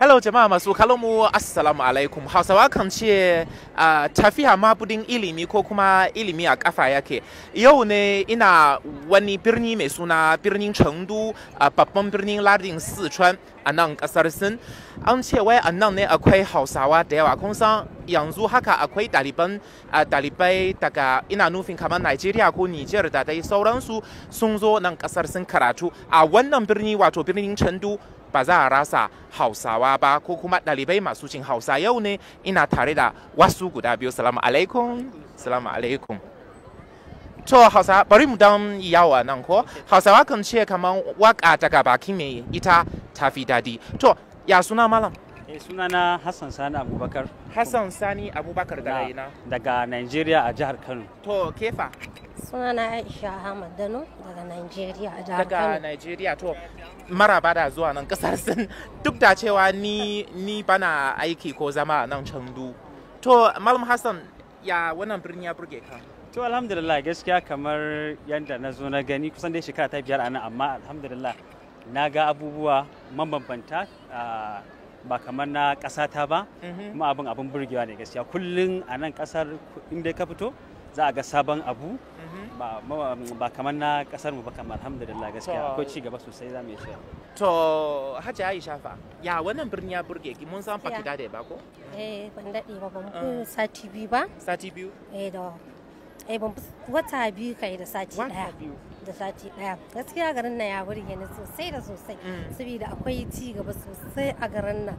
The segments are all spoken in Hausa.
Hello jama'a masu kallon mu assalamu alaikum hausawa kan ce uh, tafiya mabudin ilimi ko kuma ilimi a kafa yake yau ne ina wani birni mai suna birnin chengdu a uh, babban birnin lardin sichuan a nan kasar sin an ce wai a nan ne akwai hausawa da yawa kun san yanzu haka akwai ɗaliban ɗalibai daga ina nufin kamar Najeriya ko Nijar da dai sauransu sun zo nan kasar sin karatu a wannan birni wato birnin Chengdu ba za a rasa hausawa ba ko kuma ɗalibai masu cin hausa yau ne ina tare da wasu guda biyu salamu alaikum salamu alaikum to hausa bari mu dan yawa nan ko hausawa kan ce kamar waka daga baki mai ita tafi dadi to ya suna malam suna sunana Hassan Sani Abubakar. Hassan Sani Abubakar daga ina? Daga Nigeria a jihar Kano. To, kefa. na aisha ahmad dano daga nigeria daga nigeria to maraba da zuwa nan kasar sin duk da cewa ni ni bana aiki ko zama a nan candu to malam hassan ya wannan birni ya burge ka to alhamdulillah gaskiya kamar yadda na zo na gani kusan dai shekara ta biyar a nan amma alhamdulillah na ga abubuwa mabambanta ba kamar na ƙasata ba mm-hmm. kuma abin abin burgewa ne gaskiya kullum a nan ƙasar inda ka fito za a ga sabon abu mhm. ba kamar na kasar mu ba kamar alhamdulillah gaskiya akwai ci gaba sosai za mu yi to hajji aisha fa ya wannan birni ya burge ki mun san faki da ba ko eh ban dade ba ban mm. sati biyu ba sati biyu eh da eh ban wata biyu kai da sati daya da sati daya gaskiya garin nan ya burge ni sosai da sosai mm. saboda akwai ci gaba sosai a garin nan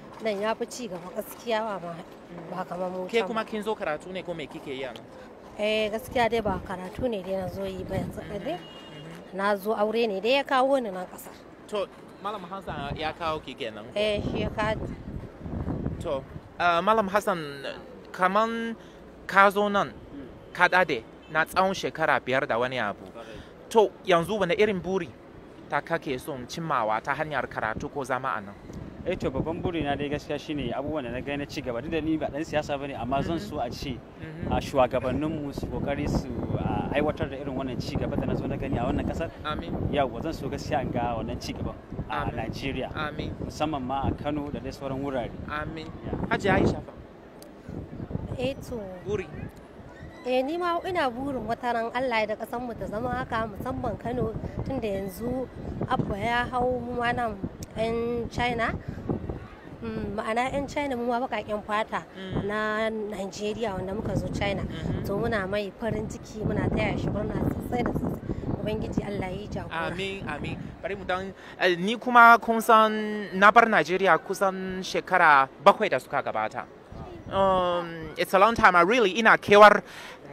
nan ya fi ci gaba gaskiya ba ma ba kamar mu ke kuma kin zo karatu ne ko me kike yi anan eh gaskiya dai ba karatu ne dai na zo yi ba yanzu mm-hmm. dai mm-hmm. na zo aure ne dai ya kawo ni nan kasar to malam hassan ya kawo ki kenan eh shi ya ka to malam hassan kaman ka zo nan ka dade na tsawon shekara biyar da wani abu to yanzu wani irin buri ta kake son cimmawa ta hanyar karatu ko zama a nan eh to babban buri na dai gaskiya shine abubuwan da na ga na ci gaba duk da ni ba dan siyasa bane amma zan mhm. so a ce mhm. a shugabannin mu su kokari su aiwatar da irin wannan ci gaba da na zo na gani a wannan kasar amin yawa zan so gaskiya an ga wannan ci gaba a Najeriya amin musamman ma a Kano da dai sauran wurare amin Hajji Aisha fa eh to buri eh ni ma ina burin wata ran Allah ya da kasar mu ta zama haka musamman Kano tunda yanzu abba ya hau mu ma nan 'yan china mm, ma'ana 'yan china mu ma baƙaƙen fata mm. na nigeria wanda muka zo china mm-hmm. to muna mai farin ciki muna taya shi murna sosai da sosai ubangiji allah ya jagora amin amin bari mu dan eh, ni kuma kun san na bar nigeria kusan shekara bakwai da suka gabata um, it's a long time I really ina kewar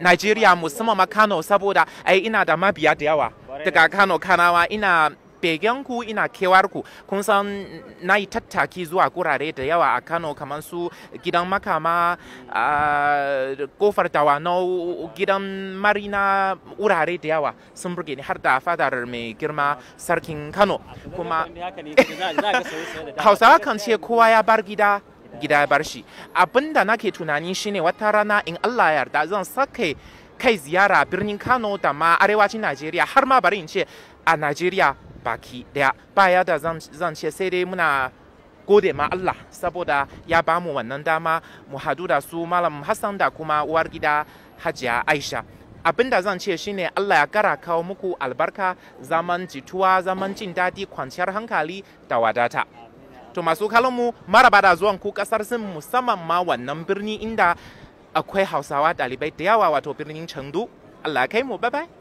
Nigeria musamman ma Kano saboda ai eh, ina da mabiya da yawa daga Kano Kanawa ina begen ku ina kewar ku kun san na yi tattaki zuwa gurare da yawa a Kano kamar su gidan makama kofar tawano gidan marina wurare da yawa sun burge ni har da fadar mai girma sarkin Kano kuma Hausawa kan ce kowa ya bar gida gida ya bar shi abinda nake tunani shine wata rana in Allah yarda zan sake kai ziyara birnin kano da ma arewacin najeriya har ma bari in ce a najeriya baki daya baya da zan ce sai dai muna gode ma Allah saboda ya ba mu wannan dama mu hadu da su malam Hassan da kuma uwar gida Hajiya Aisha Abin da zan ce shine Allah ya kara kawo muku albarka zaman jituwa zaman jin daɗi kwanciyar hankali da wadata to masu kallon mu maraba da zuwan ku kasar sun musamman ma wannan birni inda akwai hausawa ɗalibai da yawa wato birnin Chengdu Allah kai mu bye bye